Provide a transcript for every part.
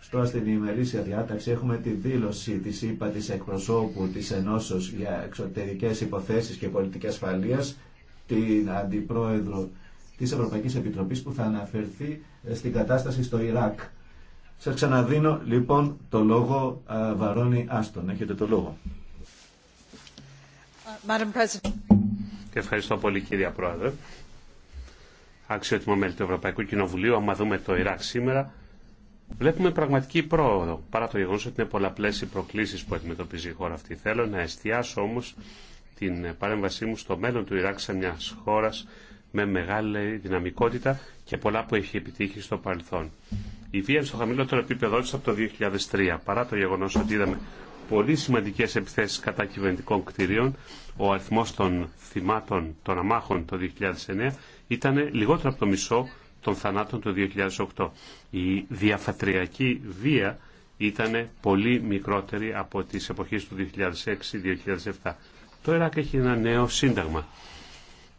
Στο στην ημερήσια διάταξη έχουμε τη δήλωση τη ΥΠΑ εκπροσώπου της για εξωτερικέ υποθέσει και πολιτική ασφαλεία, την Αντιπρόεδρο τη Ευρωπαϊκή Επιτροπή που θα αναφερθεί στην κατάσταση στο Ιράκ. Σα ξαναδίνω λοιπόν το λόγο Βαρόνι Άστον. Έχετε το λόγο. Ευχαριστώ πολύ κύριε Πρόεδρε. Αξιότιμο μέλη του Ευρωπαϊκού Κοινοβουλίου, άμα δούμε το Ιράκ σήμερα, Βλέπουμε πραγματική πρόοδο, παρά το γεγονό ότι είναι πολλαπλέ οι προκλήσει που αντιμετωπίζει η χώρα αυτή. Θέλω να εστιάσω όμω την παρέμβασή μου στο μέλλον του Ιράκ σε μια χώρα με μεγάλη δυναμικότητα και πολλά που έχει επιτύχει στο παρελθόν. Η βία στο χαμηλότερο επίπεδο τη από το 2003, παρά το γεγονός ότι είδαμε πολύ σημαντικές επιθέσεις κατά κυβερνητικών κτηρίων, ο αριθμό των θυμάτων των αμάχων το 2009 ήταν λιγότερο από το μισό των θανάτων το 2008. Η διαφατριακή βία ήταν πολύ μικρότερη από τις εποχές του 2006-2007. Το Ιράκ έχει ένα νέο σύνταγμα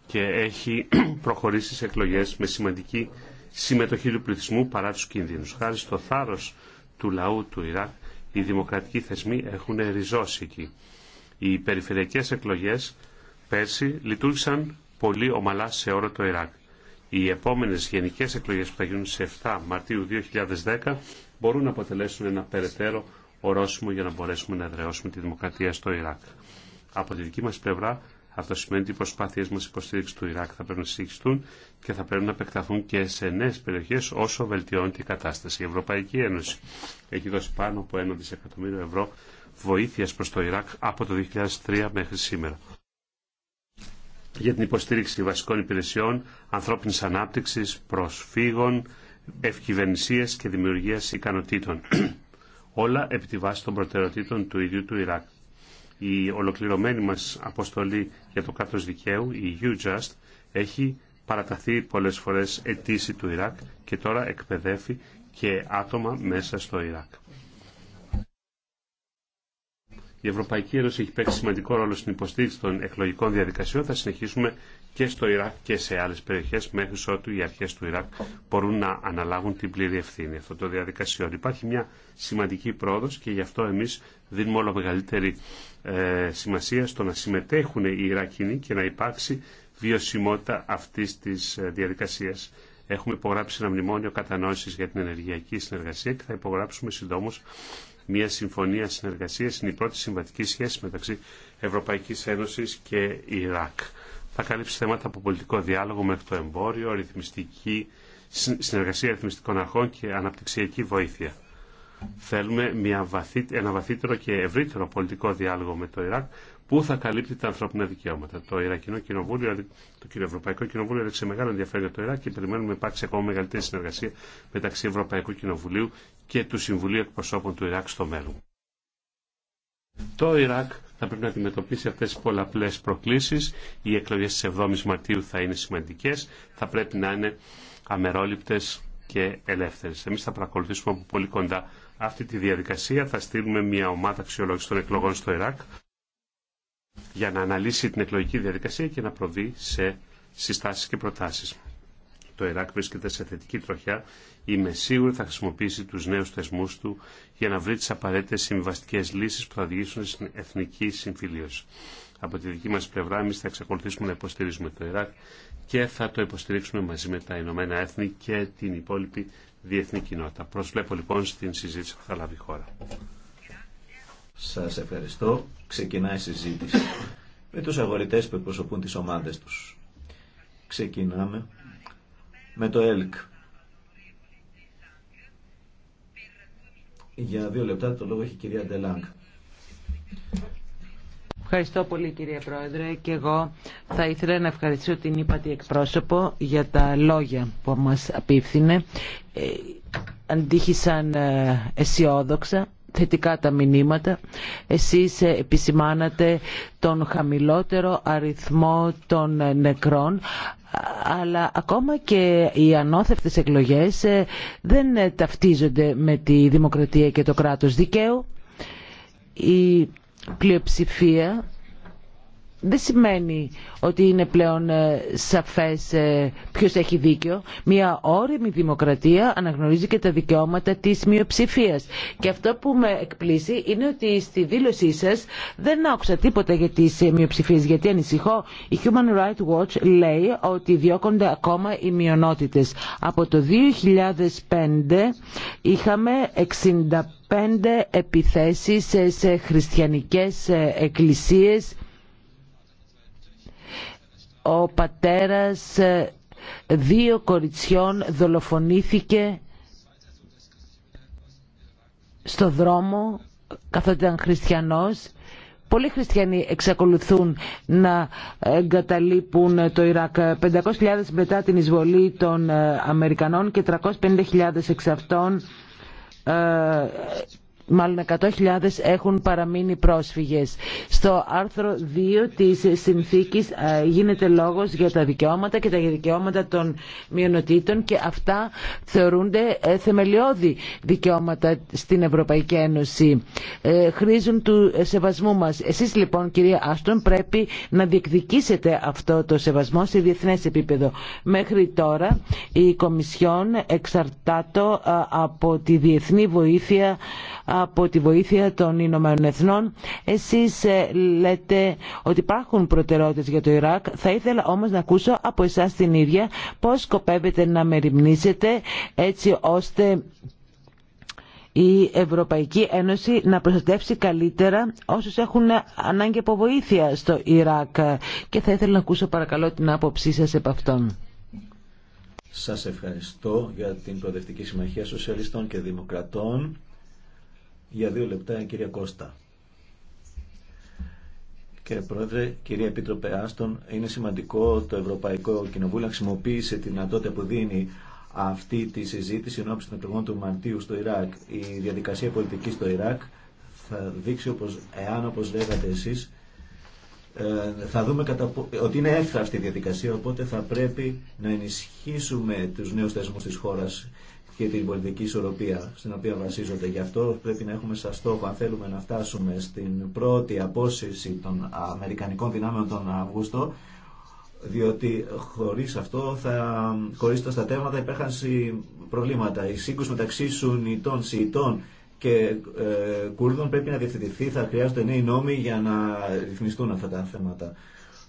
και έχει προχωρήσει σε εκλογές με σημαντική συμμετοχή του πληθυσμού παρά τους κίνδυνους. Χάρη στο θάρρος του λαού του Ιράκ, οι δημοκρατικοί θεσμοί έχουν ριζώσει εκεί. Οι περιφερειακές εκλογές πέρσι λειτουργήσαν πολύ ομαλά σε όλο το Ιράκ οι επόμενες γενικές εκλογές που θα γίνουν σε 7 Μαρτίου 2010 μπορούν να αποτελέσουν ένα περαιτέρω ορόσημο για να μπορέσουμε να εδραιώσουμε τη δημοκρατία στο Ιράκ. Από τη δική μας πλευρά αυτό σημαίνει ότι οι προσπάθειε μα υποστήριξη του Ιράκ θα πρέπει να συνεχιστούν και θα πρέπει να επεκταθούν και σε νέε περιοχέ όσο βελτιώνεται η κατάσταση. Η Ευρωπαϊκή Ένωση έχει δώσει πάνω από 1 δισεκατομμύριο ευρώ βοήθεια προ το Ιράκ από το 2003 μέχρι σήμερα για την υποστήριξη βασικών υπηρεσιών, ανθρώπινης ανάπτυξης, προσφύγων, ευκυβερνησίας και δημιουργίας ικανοτήτων. Όλα επί τη βάση των προτεραιοτήτων του ίδιου του Ιράκ. Η ολοκληρωμένη μας αποστολή για το κάτω δικαίου, η U-Just, έχει παραταθεί πολλές φορές αιτήσει του Ιράκ και τώρα εκπαιδεύει και άτομα μέσα στο Ιράκ. Η Ευρωπαϊκή Ένωση έχει παίξει σημαντικό ρόλο στην υποστήριξη των εκλογικών διαδικασιών. Θα συνεχίσουμε και στο Ιράκ και σε άλλε περιοχέ μέχρι ότου οι αρχέ του Ιράκ μπορούν να αναλάβουν την πλήρη ευθύνη αυτών των διαδικασιών. Υπάρχει μια σημαντική πρόοδο και γι' αυτό εμεί δίνουμε όλο μεγαλύτερη ε, σημασία στο να συμμετέχουν οι Ιρακινοί και να υπάρξει βιωσιμότητα αυτή τη ε, διαδικασία. Έχουμε υπογράψει ένα μνημόνιο κατανόηση για την ενεργειακή συνεργασία και θα υπογράψουμε συντόμω μια συμφωνία συνεργασίας. Είναι η πρώτη συμβατική σχέση μεταξύ Ευρωπαϊκής Ένωσης και Ιράκ. Θα καλύψει θέματα από πολιτικό διάλογο μέχρι το εμπόριο, ρυθμιστική, συνεργασία ρυθμιστικών αρχών και αναπτυξιακή βοήθεια. Θέλουμε μια βαθύ, ένα βαθύτερο και ευρύτερο πολιτικό διάλογο με το Ιράκ που θα καλύπτει τα ανθρώπινα δικαιώματα. Το Ιρακινό Κοινοβούλιο, ε, το Ευρωπαϊκό Κοινοβούλιο έδειξε μεγάλο ενδιαφέρον για το Ιράκ και περιμένουμε να υπάρξει ακόμα μεγαλύτερη συνεργασία μεταξύ Ευρωπαϊκού Κοινοβουλίου και του Συμβουλίου Εκπροσώπων του Ιράκ στο μέλλον. Το Ιράκ θα πρέπει να αντιμετωπίσει αυτές τις πολλαπλές προκλήσεις. Οι εκλογές της 7ης Μαρτίου θα είναι σημαντικές, θα πρέπει να είναι αμερόληπτες και ελεύθερες. Εμείς θα παρακολουθήσουμε από πολύ κοντά αυτή τη διαδικασία. Θα στείλουμε μια ομάδα αξιολόγηση των εκλογών στο Ιράκ για να αναλύσει την εκλογική διαδικασία και να προβεί σε συστάσεις και προτάσεις το Ιράκ βρίσκεται σε θετική τροχιά, είμαι σίγουρη θα χρησιμοποιήσει τους νέους θεσμούς του για να βρει τις απαραίτητες συμβαστικές λύσεις που θα οδηγήσουν στην εθνική συμφιλίωση. Από τη δική μας πλευρά, εμεί θα εξακολουθήσουμε να υποστηρίζουμε το Ιράκ και θα το υποστηρίξουμε μαζί με τα Ηνωμένα Έθνη και την υπόλοιπη διεθνή κοινότητα. Προσβλέπω λοιπόν στην συζήτηση που θα λάβει η χώρα. Σα ευχαριστώ. Ξεκινάει η συζήτηση με τους αγορητές που εκπροσωπούν τις ομάδες τους. Ξεκινάμε με το ΕΛΚ. Για δύο λεπτά το λόγο έχει η κυρία Ντελάγκ. Ευχαριστώ πολύ κύριε Πρόεδρε και εγώ θα ήθελα να ευχαριστήσω την ύπατη εκπρόσωπο για τα λόγια που μας απίφθινε. Ε, αντίχησαν ε, αισιόδοξα, θετικά τα μηνύματα. Εσείς ε, επισημάνατε τον χαμηλότερο αριθμό των νεκρών αλλά ακόμα και οι ανώθευτες εκλογές ε, δεν ε, ταυτίζονται με τη δημοκρατία και το κράτος δικαίου. Η πλειοψηφία δεν σημαίνει ότι είναι πλέον ε, σαφές ε, ποιος έχει δίκιο. Μια όρημη δημοκρατία αναγνωρίζει και τα δικαιώματα της μειοψηφίας. Και αυτό που με εκπλήσει είναι ότι στη δήλωσή σας δεν άκουσα τίποτα για τις ε, μειοψηφίες. Γιατί ανησυχώ. Η Human Rights Watch λέει ότι διώκονται ακόμα οι μειονότητες. Από το 2005 είχαμε 65 επιθέσεις σε χριστιανικές εκκλησίες ο πατέρας ε, δύο κοριτσιών δολοφονήθηκε στο δρόμο καθότι ήταν χριστιανός. Πολλοί χριστιανοί εξακολουθούν να εγκαταλείπουν το Ιράκ. 500.000 μετά την εισβολή των ε, Αμερικανών και 350.000 εξ αυτών ε, μάλλον 100.000 έχουν παραμείνει πρόσφυγες. Στο άρθρο 2 της συνθήκης ε, γίνεται λόγος για τα δικαιώματα και τα δικαιώματα των μειονοτήτων και αυτά θεωρούνται ε, θεμελιώδη δικαιώματα στην Ευρωπαϊκή Ένωση. Ε, Χρίζουν του σεβασμού μας. Εσείς λοιπόν κυρία Άστον πρέπει να διεκδικήσετε αυτό το σεβασμό σε διεθνές επίπεδο. Μέχρι τώρα η Κομισιόν εξαρτάτο από τη διεθνή βοήθεια από τη βοήθεια των Ηνωμένων Εθνών. Εσείς ε, λέτε ότι υπάρχουν προτεραιότητες για το Ιράκ. Θα ήθελα όμως να ακούσω από εσάς την ίδια πώς σκοπεύετε να μεριμνήσετε έτσι ώστε η Ευρωπαϊκή Ένωση να προστατεύσει καλύτερα όσους έχουν ανάγκη από βοήθεια στο Ιράκ. Και θα ήθελα να ακούσω παρακαλώ την άποψή σας επ' αυτόν. Σας ευχαριστώ για την Προοδευτική Συμμαχία Σοσιαλιστών και Δημοκρατών. Για δύο λεπτά, κυρία Κώστα. Κύριε Πρόεδρε, κύριε Επίτροπε Άστον, είναι σημαντικό το Ευρωπαϊκό Κοινοβούλιο να χρησιμοποιήσει τη δυνατότητα που δίνει αυτή τη συζήτηση ενώπιση των εκλογών του Μαρτίου στο Ιράκ. Η διαδικασία πολιτική στο Ιράκ θα δείξει, όπως, εάν όπω λέγατε εσεί, ε, θα δούμε κατα... ότι είναι εύθραυστη η διαδικασία, οπότε θα πρέπει να ενισχύσουμε τους νέους θεσμούς της χώρας και την πολιτική ισορροπία στην οποία βασίζονται. Γι' αυτό πρέπει να έχουμε σαν στόχο, αν θέλουμε να φτάσουμε στην πρώτη απόσυρση των Αμερικανικών δυνάμεων τον Αύγουστο, διότι χωρίς αυτό, θα, τα θέματα υπήρχαν προβλήματα. Οι σύγκρουση μεταξύ Σουνιτών, Σιητών και ε, Κούρδων πρέπει να διευθυνθεί, θα χρειάζονται νέοι νόμοι για να ρυθμιστούν αυτά τα θέματα.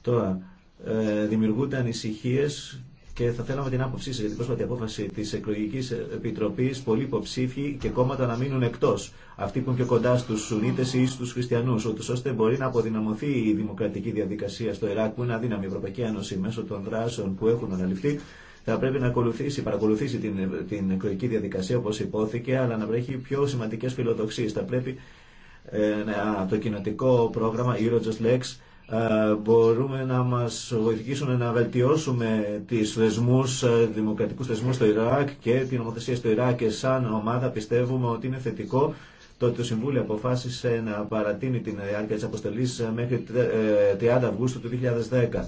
Τώρα, ε, δημιουργούνται ανησυχίες και θα θέλαμε την άποψή σα για την πρόσφατη απόφαση τη Εκλογική Επιτροπή. Πολλοί υποψήφοι και κόμματα να μείνουν εκτό. Αυτοί που είναι πιο κοντά στου Σουνίτε ή στου Χριστιανού, ούτω ώστε μπορεί να αποδυναμωθεί η δημοκρατική διαδικασία στο Ιράκ, που είναι αδύναμη η Ευρωπαϊκή Ένωση μέσω των δράσεων που έχουν αναλυφθεί. Θα πρέπει να ακολουθήσει, παρακολουθήσει την, την εκλογική διαδικασία όπω υπόθηκε, αλλά να βρέχει πιο σημαντικέ φιλοδοξίε. Θα πρέπει ε, το κοινοτικό πρόγραμμα Eurojust Lex ε, μπορούμε να μας βοηθήσουν να βελτιώσουμε τις θεσμούς, ε, δημοκρατικούς θεσμούς στο Ιράκ και την νομοθεσία στο Ιράκ και σαν ομάδα πιστεύουμε ότι είναι θετικό το ότι το Συμβούλιο αποφάσισε να παρατείνει την διάρκεια της αποστολής ε, μέχρι 30 Αυγούστου του 2010.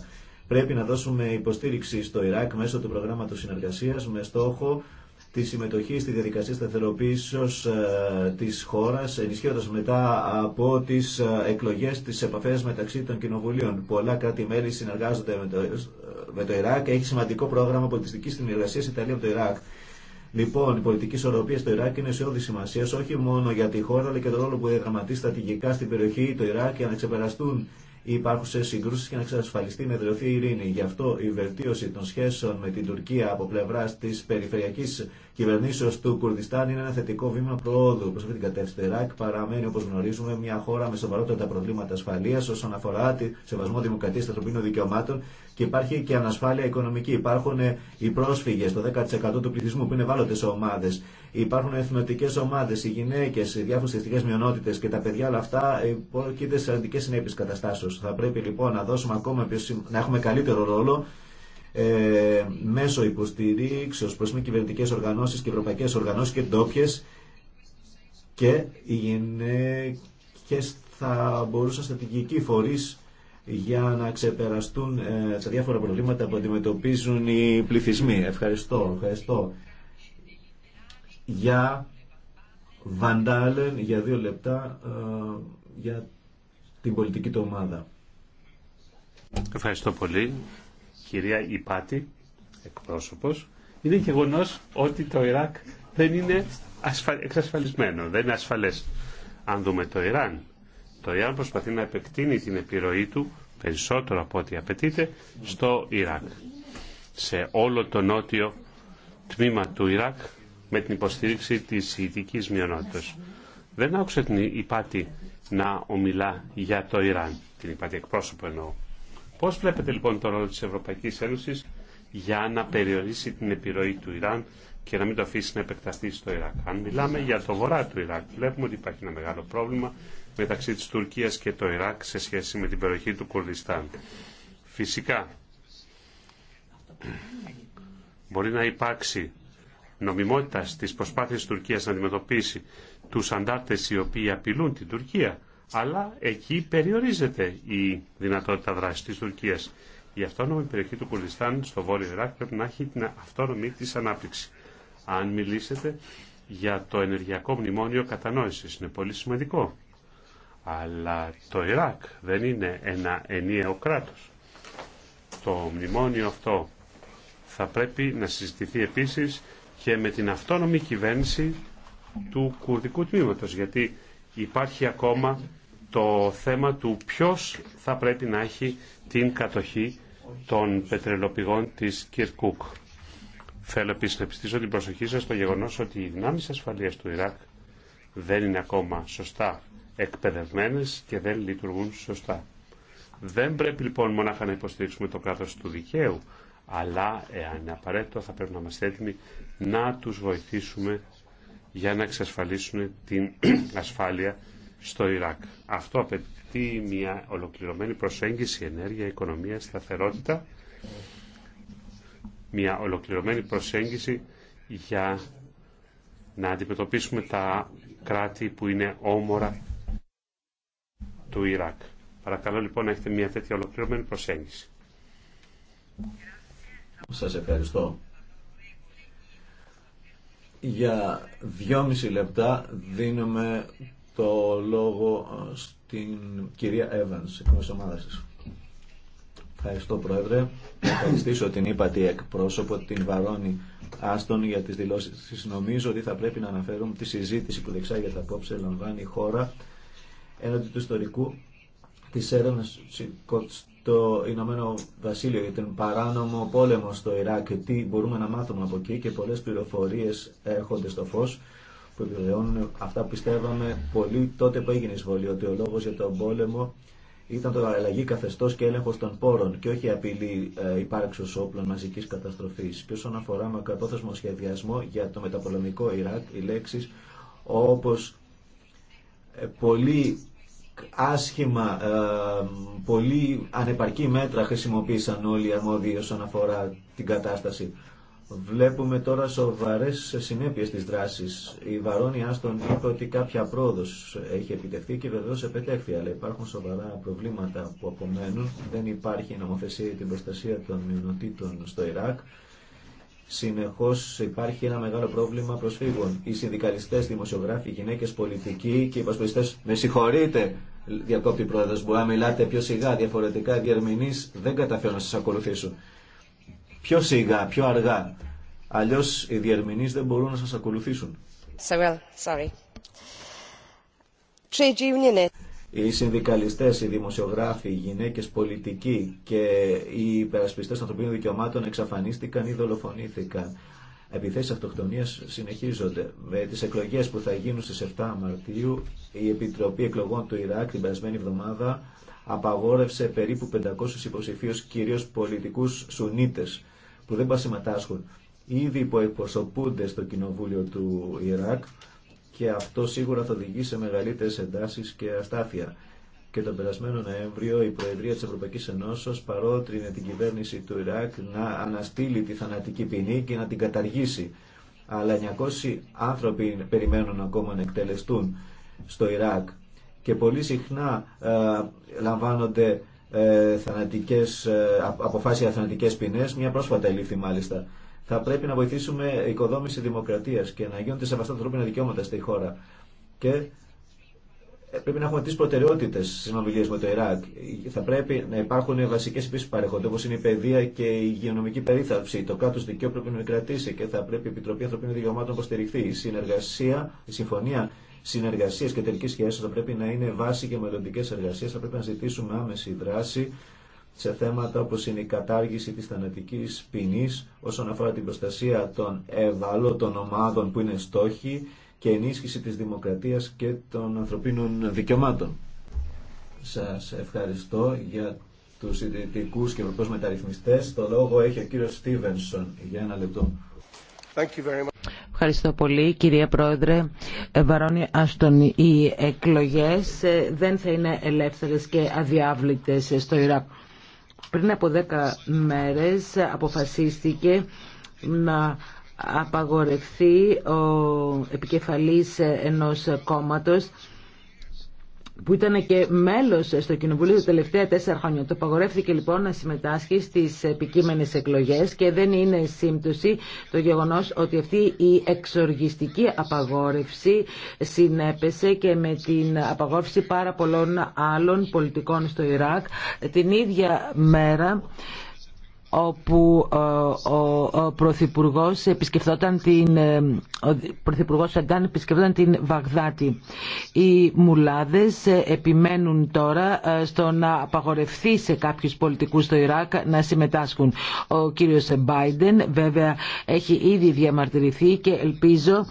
Πρέπει να δώσουμε υποστήριξη στο Ιράκ μέσω του προγράμματος συνεργασίας με στόχο τη συμμετοχή στη διαδικασία σταθεροποίησεως ε, της χώρας ενισχύοντα μετά από τις ε, εκλογές, τις επαφέ μεταξύ των κοινοβουλίων. Πολλά κράτη-μέλη συνεργάζονται με το, ε, με το Ιράκ. Έχει σημαντικό πρόγραμμα πολιτιστικής συνεργασίας Ιταλία από το Ιράκ. Λοιπόν, η πολιτική ισορροπία στο Ιράκ είναι σε σημασία όχι μόνο για τη χώρα αλλά και τον ρόλο που διαδραματίζει στρατηγικά στην περιοχή το Ιράκ για να ξεπεραστούν υπάρχουσε συγκρούσει και να εξασφαλιστεί με δηλωθεί η ειρήνη. Γι' αυτό η βελτίωση των σχέσεων με την Τουρκία από πλευρά τη περιφερειακή κυβερνήσεω του Κουρδιστάν είναι ένα θετικό βήμα προόδου προ αυτή την κατεύθυνση. Ράκ παραμένει, όπω γνωρίζουμε, μια χώρα με σοβαρότερα προβλήματα ασφαλεία όσον αφορά τη σεβασμό δημοκρατία και ανθρωπίνων δικαιωμάτων και υπάρχει και ανασφάλεια οικονομική. Υπάρχουν ε, οι πρόσφυγε, το 10% του πληθυσμού που είναι ευάλωτε ομάδε. Υπάρχουν εθνοτικέ ομάδε, οι γυναίκε, οι διάφορε εθνικέ μειονότητε και τα παιδιά, όλα αυτά υπόκειται σε αρνητικέ συνέπειε καταστάσεω. Θα πρέπει λοιπόν να δώσουμε ακόμα να έχουμε καλύτερο ρόλο ε, μέσω υποστηρίξεω προς μη κυβερνητικές οργανώσεις και ευρωπαϊκές οργανώσεις και ντόπιε και οι γυναίκε θα μπορούσαν στρατηγικοί φορεί για να ξεπεραστούν ε, τα διάφορα προβλήματα που αντιμετωπίζουν οι πληθυσμοί. Ευχαριστώ, ευχαριστώ. Για Βαντάλεν, για δύο λεπτά, ε, για την πολιτική του ομάδα. Ευχαριστώ πολύ κυρία Ιπάτη, εκπρόσωπος, είναι γεγονό ότι το Ιράκ δεν είναι εξασφαλισμένο, δεν είναι ασφαλές. Αν δούμε το Ιράν, το Ιράν προσπαθεί να επεκτείνει την επιρροή του περισσότερο από ό,τι απαιτείται στο Ιράκ. Σε όλο το νότιο τμήμα του Ιράκ με την υποστήριξη της ηθικής μειονότητας. Δεν άκουσα την Υπάτη να ομιλά για το Ιράν, την Ιπάτη εκπρόσωπο εννοώ. Πώς βλέπετε λοιπόν το ρόλο της Ευρωπαϊκής Ένωσης για να περιορίσει την επιρροή του Ιράν και να μην το αφήσει να επεκταθεί στο Ιράκ. Αν μιλάμε για το βορρά του Ιράκ, βλέπουμε ότι υπάρχει ένα μεγάλο πρόβλημα μεταξύ της Τουρκίας και το Ιράκ σε σχέση με την περιοχή του Κουρδιστάν. Φυσικά, μπορεί να υπάρξει νομιμότητα στις προσπάθειες της Τουρκίας να αντιμετωπίσει τους αντάρτες οι οποίοι απειλούν την Τουρκία, αλλά εκεί περιορίζεται η δυνατότητα δράσης της Τουρκίας. Η αυτόνομη περιοχή του Κουρδιστάν στο Βόρειο Ιράκ πρέπει να έχει την αυτόνομη της ανάπτυξη. Αν μιλήσετε για το ενεργειακό μνημόνιο κατανόησης, είναι πολύ σημαντικό. Αλλά το Ιράκ δεν είναι ένα ενιαίο κράτος. Το μνημόνιο αυτό θα πρέπει να συζητηθεί επίσης και με την αυτόνομη κυβέρνηση του κουρδικού τμήματος, γιατί υπάρχει ακόμα το θέμα του ποιος θα πρέπει να έχει την κατοχή των πετρελοπηγών της Κυρκούκ. Θέλω επίσης να επιστήσω την προσοχή σας στο γεγονός ότι οι δυνάμεις ασφαλείας του Ιράκ δεν είναι ακόμα σωστά εκπαιδευμένες και δεν λειτουργούν σωστά. Δεν πρέπει λοιπόν μονάχα να υποστηρίξουμε το κράτος του δικαίου, αλλά εάν είναι απαραίτητο θα πρέπει να είμαστε έτοιμοι να τους βοηθήσουμε για να εξασφαλίσουν την ασφάλεια στο Ιράκ. Αυτό απαιτεί μια ολοκληρωμένη προσέγγιση, ενέργεια, οικονομία, σταθερότητα, μια ολοκληρωμένη προσέγγιση για να αντιμετωπίσουμε τα κράτη που είναι όμορα του Ιράκ. Παρακαλώ λοιπόν να έχετε μια τέτοια ολοκληρωμένη προσέγγιση. Σας ευχαριστώ. Για δυόμιση λεπτά δίνουμε το λόγο στην κυρία Evans, εκ ομάδας της. Ευχαριστώ Πρόεδρε. Ευχαριστήσω την ύπατη εκπρόσωπο, την Βαρόνη Άστον για τις δηλώσεις τη. Νομίζω ότι θα πρέπει να αναφέρουμε τη συζήτηση που δεξάγεται απόψε λαμβάνει η χώρα έναντι του ιστορικού της έρευνα στο Ηνωμένο Βασίλειο για τον παράνομο πόλεμο στο Ιράκ. Τι μπορούμε να μάθουμε από εκεί και πολλές πληροφορίε έρχονται στο φως που επιβεβαιώνουν αυτά που πιστεύαμε πολύ τότε που έγινε η εισβολή, ότι ο λόγος για τον πόλεμο ήταν το αλλαγή καθεστώ και έλεγχο των πόρων και όχι απειλή ε, υπάρξεω όπλων μαζική καταστροφή. Και όσον αφορά μακροπρόθεσμο σχεδιασμό για το μεταπολεμικό Ιράκ, οι λέξει όπω ε, πολύ άσχημα, ε, πολύ ανεπαρκή μέτρα χρησιμοποίησαν όλοι οι αρμόδιοι όσον αφορά την κατάσταση. Βλέπουμε τώρα σοβαρέ συνέπειε τη δράση. Η Βαρόνια Άστον είπε ότι κάποια πρόοδο έχει επιτευχθεί και βεβαίω επετέχθη, αλλά υπάρχουν σοβαρά προβλήματα που απομένουν. Δεν υπάρχει νομοθεσία για την προστασία των μειονοτήτων στο Ιράκ. Συνεχώ υπάρχει ένα μεγάλο πρόβλημα προσφύγων. Οι συνδικαλιστέ, δημοσιογράφοι, γυναίκε πολιτικοί και οι υπασπιστέ με συγχωρείτε, διακόπτη πρόεδρο, μπορεί να μιλάτε πιο σιγά, διαφορετικά Διαρμηνεί δεν καταφέρω να σα ακολουθήσω πιο σιγά, πιο αργά. Αλλιώ οι διερμηνείς δεν μπορούν να σα ακολουθήσουν. So well, sorry. Trade union. Οι συνδικαλιστέ, οι δημοσιογράφοι, οι γυναίκε, πολιτικοί και οι υπερασπιστέ ανθρωπίνων δικαιωμάτων εξαφανίστηκαν ή δολοφονήθηκαν. Επιθέσει αυτοκτονία συνεχίζονται. Με τι εκλογέ που θα γίνουν στι 7 Μαρτίου, η Επιτροπή Εκλογών του Ιράκ την περασμένη εβδομάδα απαγόρευσε περίπου 500 υποψηφίου κυρίω πολιτικού Σουνίτε, που δεν συμμετάσχουν ήδη υποεκπροσωπούνται στο κοινοβούλιο του Ιράκ και αυτό σίγουρα θα οδηγεί σε μεγαλύτερες εντάσεις και αστάθεια. Και τον περασμένο Νοέμβριο η Προεδρία της Ευρωπαϊκής Ενώσεως παρότρινε την κυβέρνηση του Ιράκ να αναστείλει τη θανατική ποινή και να την καταργήσει. Αλλά 900 άνθρωποι περιμένουν ακόμα να εκτελεστούν στο Ιράκ και πολύ συχνά ε, λαμβάνονται ε, θανατικές, ε, αποφάσει για θανατικές ποινές, μια πρόσφατα ελήφθη μάλιστα. Θα πρέπει να βοηθήσουμε οικοδόμηση δημοκρατίας και να γίνονται σεβαστά ανθρώπινα δικαιώματα στη χώρα. Και ε, πρέπει να έχουμε τι προτεραιότητε στι συνομιλίε με το Ιράκ. Θα πρέπει να υπάρχουν βασικέ επίση παρέχοντε, όπω είναι η παιδεία και η υγειονομική περίθαλψη. Το κράτο δικαίου πρέπει να κρατήσει και θα πρέπει η Επιτροπή Ανθρωπίνων Δικαιωμάτων να υποστηριχθεί. Η συνεργασία, η συμφωνία Συνεργασίε και τελική σχέση θα πρέπει να είναι βάση και μελλοντικέ εργασίε. Θα πρέπει να ζητήσουμε άμεση δράση σε θέματα όπω είναι η κατάργηση τη θανατική ποινή όσον αφορά την προστασία των ευάλωτων ομάδων που είναι στόχοι και ενίσχυση της δημοκρατίας και των ανθρωπίνων δικαιωμάτων. Σας ευχαριστώ για τους συντηρητικού και ευρωπαίους μεταρρυθμιστές. Το λόγο έχει ο κύριος Στίβενσον για ένα λεπτό. Thank you very Ευχαριστώ πολύ κυρία Πρόεδρε. Ε, Βαρόνι Άστον, οι εκλογές ε, δεν θα είναι ελεύθερες και αδιάβλητες ε, στο Ιράκ. Πριν από δέκα μέρες αποφασίστηκε να απαγορευτεί ο επικεφαλής ενός κόμματος που ήταν και μέλο στο Κοινοβουλίο τα τελευταία τέσσερα χρόνια. Το απαγορεύτηκε λοιπόν να συμμετάσχει στις επικείμενες εκλογές και δεν είναι σύμπτωση το γεγονός ότι αυτή η εξοργιστική απαγόρευση συνέπεσε και με την απαγόρευση πάρα πολλών άλλων πολιτικών στο Ιράκ την ίδια μέρα όπου ε, ο Πρωθυπουργός επισκεφτόταν την, ε, Πρωθυπουργός Σαντάν επισκεφτόταν την Βαγδάτη. Οι μουλάδες ε, επιμένουν τώρα στο να απαγορευθεί σε κάποιους πολιτικούς στο Ιράκ να συμμετάσχουν. Ο κύριος Μπάιντεν βέβαια έχει ήδη διαμαρτυρηθεί και ελπίζω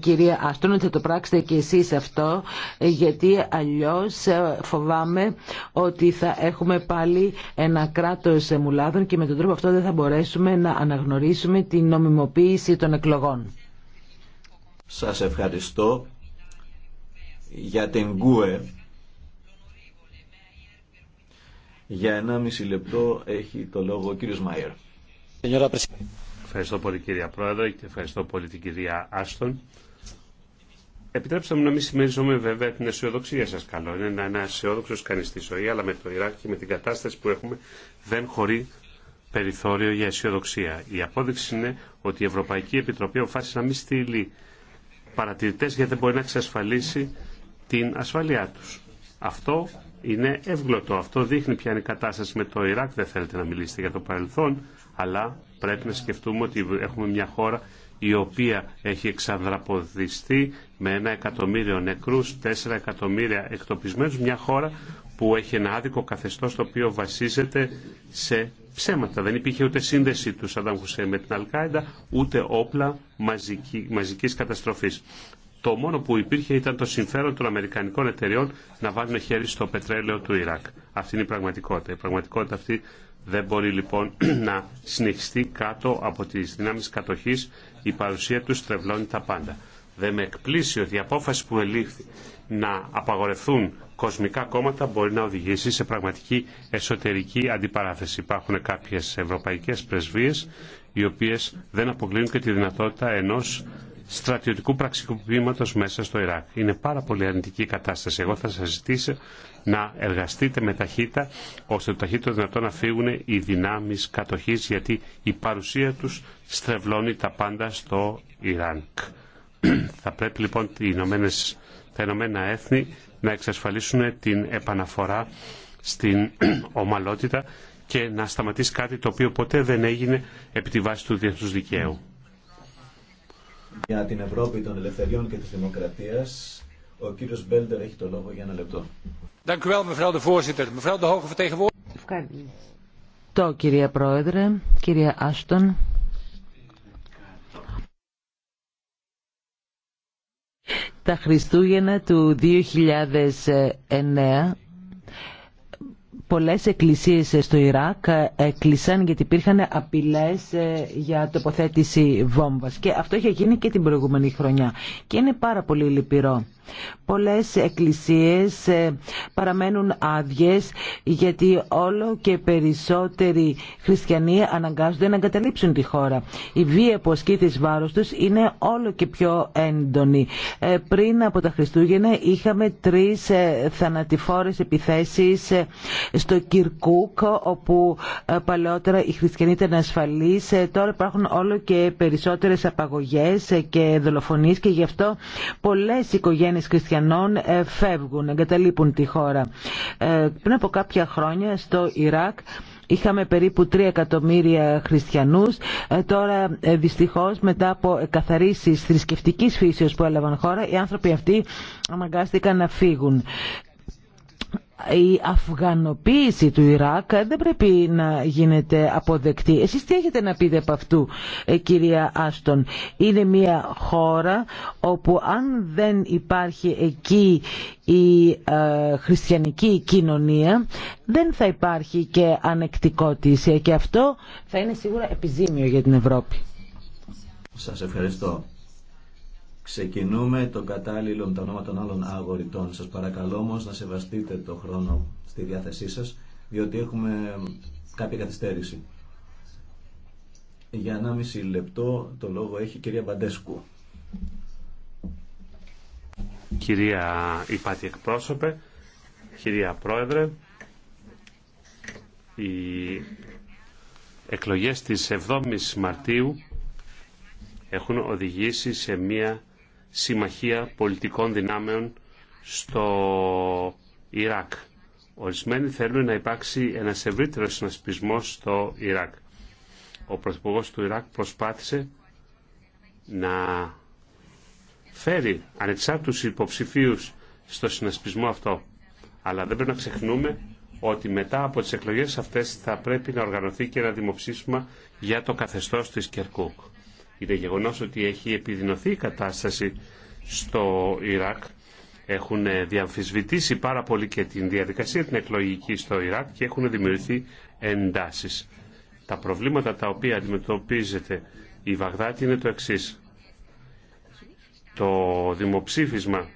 κυρία αστόν ότι θα το πράξετε και εσείς αυτό γιατί αλλιώς φοβάμαι ότι θα έχουμε πάλι ένα κράτος μουλάδων και με το τον τρόπο αυτό δεν θα μπορέσουμε να αναγνωρίσουμε την νομιμοποίηση των εκλογών. Σας ευχαριστώ για την ΚΟΕ. Για 1,5 λεπτό έχει το λόγο ο κύριος Μάιερ. Ευχαριστώ πολύ κυρία Πρόεδρε και ευχαριστώ πολύ την κυρία Άστον. Επιτρέψτε μου να μην συμμερίζομαι βέβαια την αισιοδοξία σας Καλό είναι ένα είναι αισιόδοξο κανεί στη ζωή, αλλά με το Ιράκ και με την κατάσταση που έχουμε δεν χωρεί περιθώριο για αισιοδοξία. Η απόδειξη είναι ότι η Ευρωπαϊκή Επιτροπή αποφάσισε να μην στείλει παρατηρητές γιατί δεν μπορεί να εξασφαλίσει την ασφαλειά τους. Αυτό είναι εύγλωτο. Αυτό δείχνει ποια είναι η κατάσταση με το Ιράκ. Δεν θέλετε να μιλήσετε για το παρελθόν, αλλά πρέπει να σκεφτούμε ότι έχουμε μια χώρα η οποία έχει εξανδραποδιστεί με ένα εκατομμύριο νεκρούς, τέσσερα εκατομμύρια εκτοπισμένους, μια χώρα που έχει ένα άδικο καθεστώς το οποίο βασίζεται σε ψέματα. Δεν υπήρχε ούτε σύνδεση του Σαντάμ Χουσέ με την Αλκάιντα, ούτε όπλα μαζική, μαζικής καταστροφής. Το μόνο που υπήρχε ήταν το συμφέρον των Αμερικανικών εταιριών να βάλουν χέρι στο πετρέλαιο του Ιράκ. Αυτή είναι η πραγματικότητα. Η πραγματικότητα αυτή δεν μπορεί λοιπόν να συνεχιστεί κάτω από τις δυνάμεις κατοχής. Η παρουσία του στρεβλώνει τα πάντα. Δεν με εκπλήσει ότι η απόφαση που ελήφθη να απαγορευτούν κοσμικά κόμματα μπορεί να οδηγήσει σε πραγματική εσωτερική αντιπαράθεση. Υπάρχουν κάποιες ευρωπαϊκές πρεσβείες οι οποίες δεν αποκλίνουν και τη δυνατότητα ενός στρατιωτικού πραξικοποιήματος μέσα στο Ιράκ. Είναι πάρα πολύ αρνητική κατάσταση. Εγώ θα σας ζητήσω να εργαστείτε με ταχύτητα ώστε το ταχύτητο δυνατό να φύγουν οι δυνάμεις κατοχής γιατί η παρουσία τους στρεβλώνει τα πάντα στο Ιράκ. Θα πρέπει λοιπόν οι Ηνωμένες, τα Ηνωμένα Έθνη να εξασφαλίσουν την επαναφορά στην ομαλότητα και να σταματήσει κάτι το οποίο ποτέ δεν έγινε επί τη βάση του διεθνούς δικαίου. Για την Ευρώπη των Ελευθεριών και της Δημοκρατίας, ο κύριος Μπέλτερ έχει το λόγο για ένα λεπτό. Ευχαριστώ κυρία Πρόεδρε, κυρία Άστον. Τα Χριστούγεννα του 2009 πολλές εκκλησίες στο Ιράκ έκλεισαν γιατί υπήρχαν απειλές ε, για τοποθέτηση βόμβας και αυτό είχε γίνει και την προηγούμενη χρονιά και είναι πάρα πολύ λυπηρό. Πολλές εκκλησίες ε, παραμένουν άδειες γιατί όλο και περισσότεροι χριστιανοί αναγκάζονται να εγκαταλείψουν τη χώρα. Η βία που της βάρος τους είναι όλο και πιο έντονη. Ε, πριν από τα Χριστούγεννα είχαμε τρεις ε, θανατηφόρες επιθέσεις στο Κυρκούκ όπου παλαιότερα οι χριστιανοί ήταν ασφαλείς. Τώρα υπάρχουν όλο και περισσότερες απαγωγές και δολοφονίες και γι' αυτό πολλές οικογένειες οικογένειες χριστιανών ε, φεύγουν, εγκαταλείπουν τη χώρα. Ε, πριν από κάποια χρόνια στο Ιράκ Είχαμε περίπου 3 εκατομμύρια χριστιανούς. Ε, τώρα δυστυχώς μετά από καθαρίσεις θρησκευτικής φύσεως που έλαβαν χώρα οι άνθρωποι αυτοί αμαγκάστηκαν να φύγουν η αφγανοποίηση του Ιράκ δεν πρέπει να γίνεται αποδεκτή. Εσείς τι έχετε να πείτε από αυτού, ε, κυρία Άστον. Είναι μια χώρα όπου αν δεν υπάρχει εκεί η ε, χριστιανική κοινωνία δεν θα υπάρχει και ανεκτικότηση και αυτό θα είναι σίγουρα επιζήμιο για την Ευρώπη. Σας ευχαριστώ. Ξεκινούμε το κατάλληλο με τα ονόματα των άλλων αγοριτών. Σας παρακαλώ όμως να σεβαστείτε το χρόνο στη διάθεσή σας, διότι έχουμε κάποια καθυστέρηση. Για 1,5 λεπτό το λόγο έχει η κυρία Μπαντέσκου. Κυρία Υπάτη Εκπρόσωπε, κυρία Πρόεδρε, οι εκλογές της 7ης Μαρτίου έχουν οδηγήσει σε μια συμμαχία πολιτικών δυνάμεων στο Ιράκ. Ορισμένοι θέλουν να υπάρξει ένας ευρύτερο συνασπισμό στο Ιράκ. Ο Πρωθυπουργό του Ιράκ προσπάθησε να φέρει ανεξάρτητους υποψηφίους στο συνασπισμό αυτό. Αλλά δεν πρέπει να ξεχνούμε ότι μετά από τις εκλογές αυτές θα πρέπει να οργανωθεί και ένα δημοψήφισμα για το καθεστώς της Κερκούκ. Είναι γεγονό ότι έχει επιδεινωθεί η κατάσταση στο Ιράκ. Έχουν διαμφισβητήσει πάρα πολύ και την διαδικασία την εκλογική στο Ιράκ και έχουν δημιουργηθεί εντάσεις. Τα προβλήματα τα οποία αντιμετωπίζεται η Βαγδάτη είναι το εξή. Το δημοψήφισμα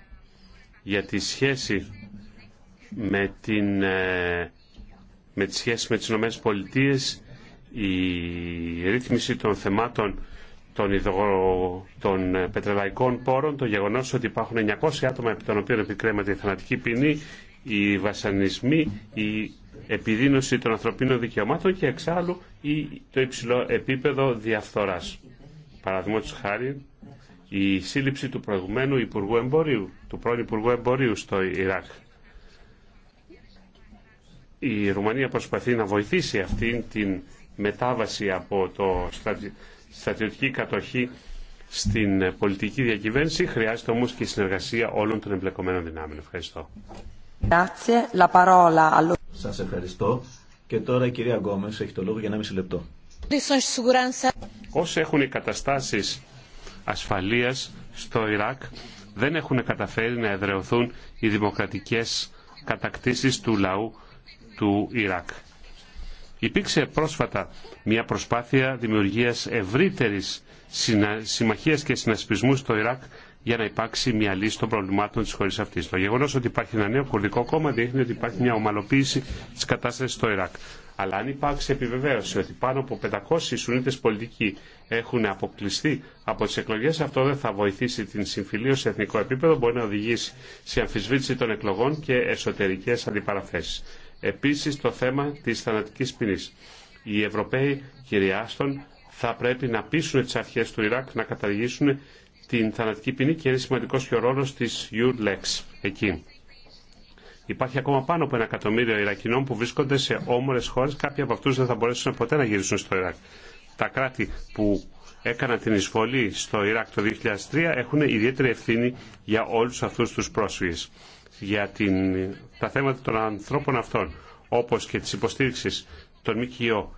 για τη σχέση με, την, ε, με με τις Ηνωμένες Πολιτείες η ρύθμιση των θεμάτων των, των ε, πετρελαϊκών πόρων, το γεγονός ότι υπάρχουν 900 άτομα επί των οποίων επικρέμαται η θανατική ποινή, οι βασανισμοί, η επιδείνωση των ανθρωπίνων δικαιωμάτων και εξάλλου η, το υψηλό επίπεδο διαφθοράς. Παραδείγματο χάρη, η σύλληψη του προηγουμένου Υπουργού Εμπορίου, του πρώην Υπουργού Εμπορίου στο Ιράκ. Η Ρουμανία προσπαθεί να βοηθήσει αυτήν την μετάβαση από το στρατιωτική κατοχή στην ε, πολιτική διακυβέρνηση. Χρειάζεται όμως και η συνεργασία όλων των εμπλεκομένων δυνάμεων. Ευχαριστώ. Σας ευχαριστώ. Και τώρα η κυρία Γκόμες έχει το λόγο για μισή λεπτό. Όσοι έχουν οι καταστάσεις ασφαλείας στο Ιράκ δεν έχουν καταφέρει να εδρεωθούν οι δημοκρατικές κατακτήσεις του λαού του Ιράκ. Υπήρξε πρόσφατα μια προσπάθεια δημιουργίας ευρύτερης συμμαχίας και συνασπισμού στο Ιράκ για να υπάρξει μια λύση των προβλημάτων τη χώρα αυτή. Το γεγονό ότι υπάρχει ένα νέο κουρδικό κόμμα δείχνει ότι υπάρχει μια ομαλοποίηση τη κατάσταση στο Ιράκ. Αλλά αν υπάρξει επιβεβαίωση ότι πάνω από 500 Σουνίτε πολιτικοί έχουν αποκλειστεί από τι εκλογέ, αυτό δεν θα βοηθήσει την συμφιλίωση σε εθνικό επίπεδο, μπορεί να οδηγήσει σε αμφισβήτηση των εκλογών και εσωτερικέ αντιπαραθέσει. Επίσης το θέμα της θανατικής ποινής. Οι Ευρωπαίοι, κύριε θα πρέπει να πείσουν τις αρχές του Ιράκ να καταργήσουν την θανατική ποινή και είναι σημαντικός και ο ρόλος της ULEX εκεί. Υπάρχει ακόμα πάνω από ένα εκατομμύριο Ιρακινών που βρίσκονται σε όμορες χώρες. Κάποιοι από αυτούς δεν θα μπορέσουν ποτέ να γυρίσουν στο Ιράκ. Τα κράτη που έκαναν την εισβολή στο Ιράκ το 2003 έχουν ιδιαίτερη ευθύνη για όλους αυτούς τους πρόσφυγες για την, τα θέματα των ανθρώπων αυτών, όπως και της υποστήριξης των ΜΚΙΟ,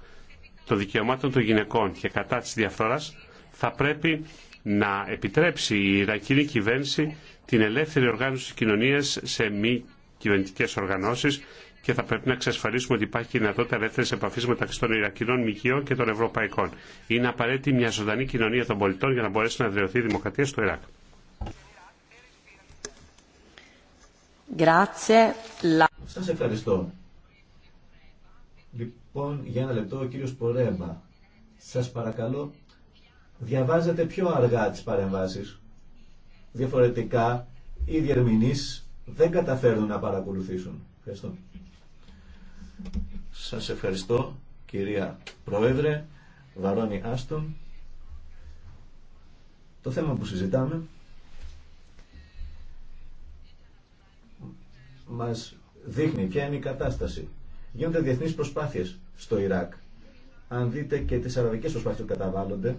των δικαιωμάτων των γυναικών και κατά της διαφθοράς, θα πρέπει να επιτρέψει η Ιρακινή κυβέρνηση την ελεύθερη οργάνωση της κοινωνίας σε μη κυβερνητικές οργανώσεις και θα πρέπει να εξασφαλίσουμε ότι υπάρχει δυνατότητα ελεύθερη επαφή μεταξύ των Ιρακινών ΜΚΙΟ και των Ευρωπαϊκών. Είναι απαραίτητη μια ζωντανή κοινωνία των πολιτών για να μπορέσει να δρεωθεί η δημοκρατία στο Ιράκ. Σας ευχαριστώ. Λοιπόν, για ένα λεπτό ο κύριος Πορέμα. Σας παρακαλώ, διαβάζετε πιο αργά τις παρεμβάσεις. Διαφορετικά, οι διερμηνείς δεν καταφέρνουν να παρακολουθήσουν. Ευχαριστώ. Σας ευχαριστώ, κυρία Πρόεδρε, Βαρόνι Άστον. Το θέμα που συζητάμε μας δείχνει ποια είναι η κατάσταση. Γίνονται διεθνεί προσπάθειες στο Ιράκ. Αν δείτε και τι αραβικές προσπάθειες που καταβάλλονται,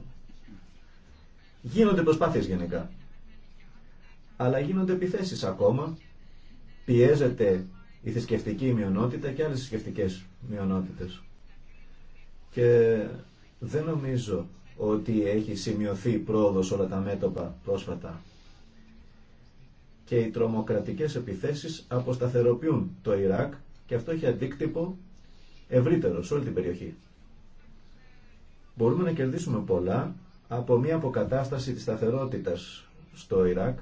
γίνονται προσπάθειε γενικά. Αλλά γίνονται επιθέσει ακόμα, πιέζεται η θρησκευτική μειονότητα και άλλες θρησκευτικέ μειονότητε. Και δεν νομίζω ότι έχει σημειωθεί πρόοδος όλα τα μέτωπα πρόσφατα και οι τρομοκρατικές επιθέσεις αποσταθεροποιούν το Ιράκ και αυτό έχει αντίκτυπο ευρύτερο σε όλη την περιοχή. Μπορούμε να κερδίσουμε πολλά από μια αποκατάσταση της σταθερότητας στο Ιράκ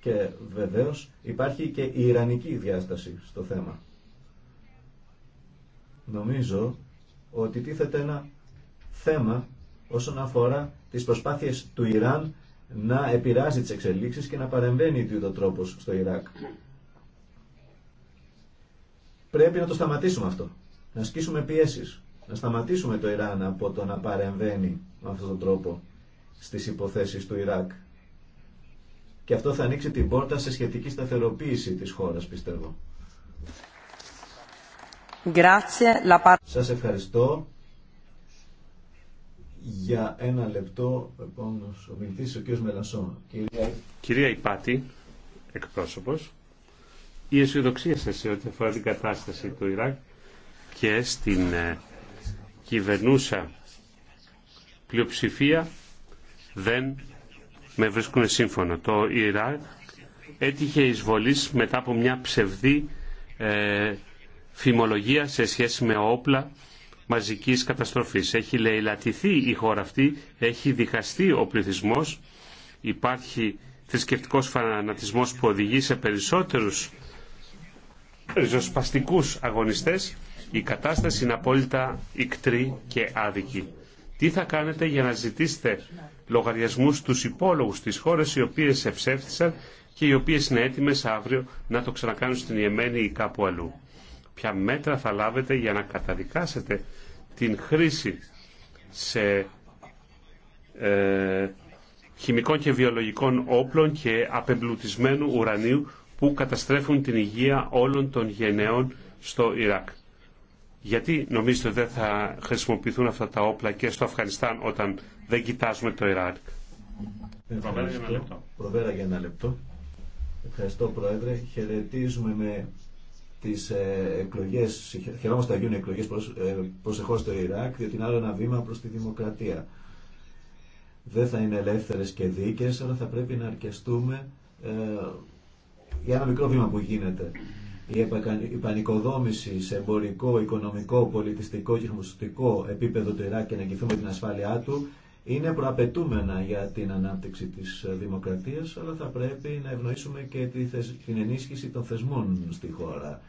και βεβαίως υπάρχει και η Ιρανική διάσταση στο θέμα. Νομίζω ότι τίθεται ένα θέμα όσον αφορά τις προσπάθειες του Ιράν να επηρεάζει τις εξελίξεις και να παρεμβαίνει ο τρόπος στο Ιράκ. Πρέπει να το σταματήσουμε αυτό. Να ασκήσουμε πιέσεις. Να σταματήσουμε το Ιράν από το να παρεμβαίνει με αυτόν τον τρόπο στις υποθέσεις του Ιράκ. Και αυτό θα ανοίξει την πόρτα σε σχετική σταθεροποίηση της χώρας, πιστεύω. Σας ευχαριστώ. Για ένα λεπτό, επόμενος ο μιλητής, ο κ. Μελασσόν. Κυρία... Κυρία Υπάτη, εκπρόσωπος, η αισιοδοξία σας σε ό,τι αφορά την κατάσταση του Ιράκ και στην ε, κυβερνούσα πλειοψηφία δεν με βρίσκουν σύμφωνο. Το Ιράκ έτυχε εισβολής μετά από μια ψευδή ε, φημολογία σε σχέση με όπλα μαζικής καταστροφής. Έχει λαιλατηθεί η χώρα αυτή, έχει διχαστεί ο πληθυσμός, υπάρχει θρησκευτικός φανατισμός που οδηγεί σε περισσότερους ριζοσπαστικούς αγωνιστές. Η κατάσταση είναι απόλυτα ικτρή και άδικη. Τι θα κάνετε για να ζητήσετε λογαριασμούς στους υπόλογους της χώρας οι οποίες ευσέφθησαν και οι οποίες είναι έτοιμες αύριο να το ξανακάνουν στην Ιεμένη ή κάπου αλλού ποια μέτρα θα λάβετε για να καταδικάσετε την χρήση σε ε, χημικών και βιολογικών όπλων και απεμπλουτισμένου ουρανίου που καταστρέφουν την υγεία όλων των γενναίων στο Ιράκ. Γιατί νομίζετε ότι δεν θα χρησιμοποιηθούν αυτά τα όπλα και στο Αφγανιστάν όταν δεν κοιτάζουμε το Ιράκ. για ένα λεπτό. Προβέρα για ένα λεπτό. Ευχαριστώ Πρόεδρε. Χαιρετίζουμε με τις ε, εκλογέ, χαιρόμαστε να γίνουν εκλογέ ε, προσεχώ στο Ιράκ, διότι είναι άλλο ένα βήμα προ τη δημοκρατία. Δεν θα είναι ελεύθερε και δίκε, αλλά θα πρέπει να αρκεστούμε ε, για ένα μικρό βήμα που γίνεται. Η πανικοδόμηση σε εμπορικό, οικονομικό, πολιτιστικό και χρηματιστικό επίπεδο του Ιράκ και να εγγυηθούμε την ασφάλειά του είναι προαπαιτούμενα για την ανάπτυξη της δημοκρατίας, αλλά θα πρέπει να ευνοήσουμε και την ενίσχυση των θεσμών στη χώρα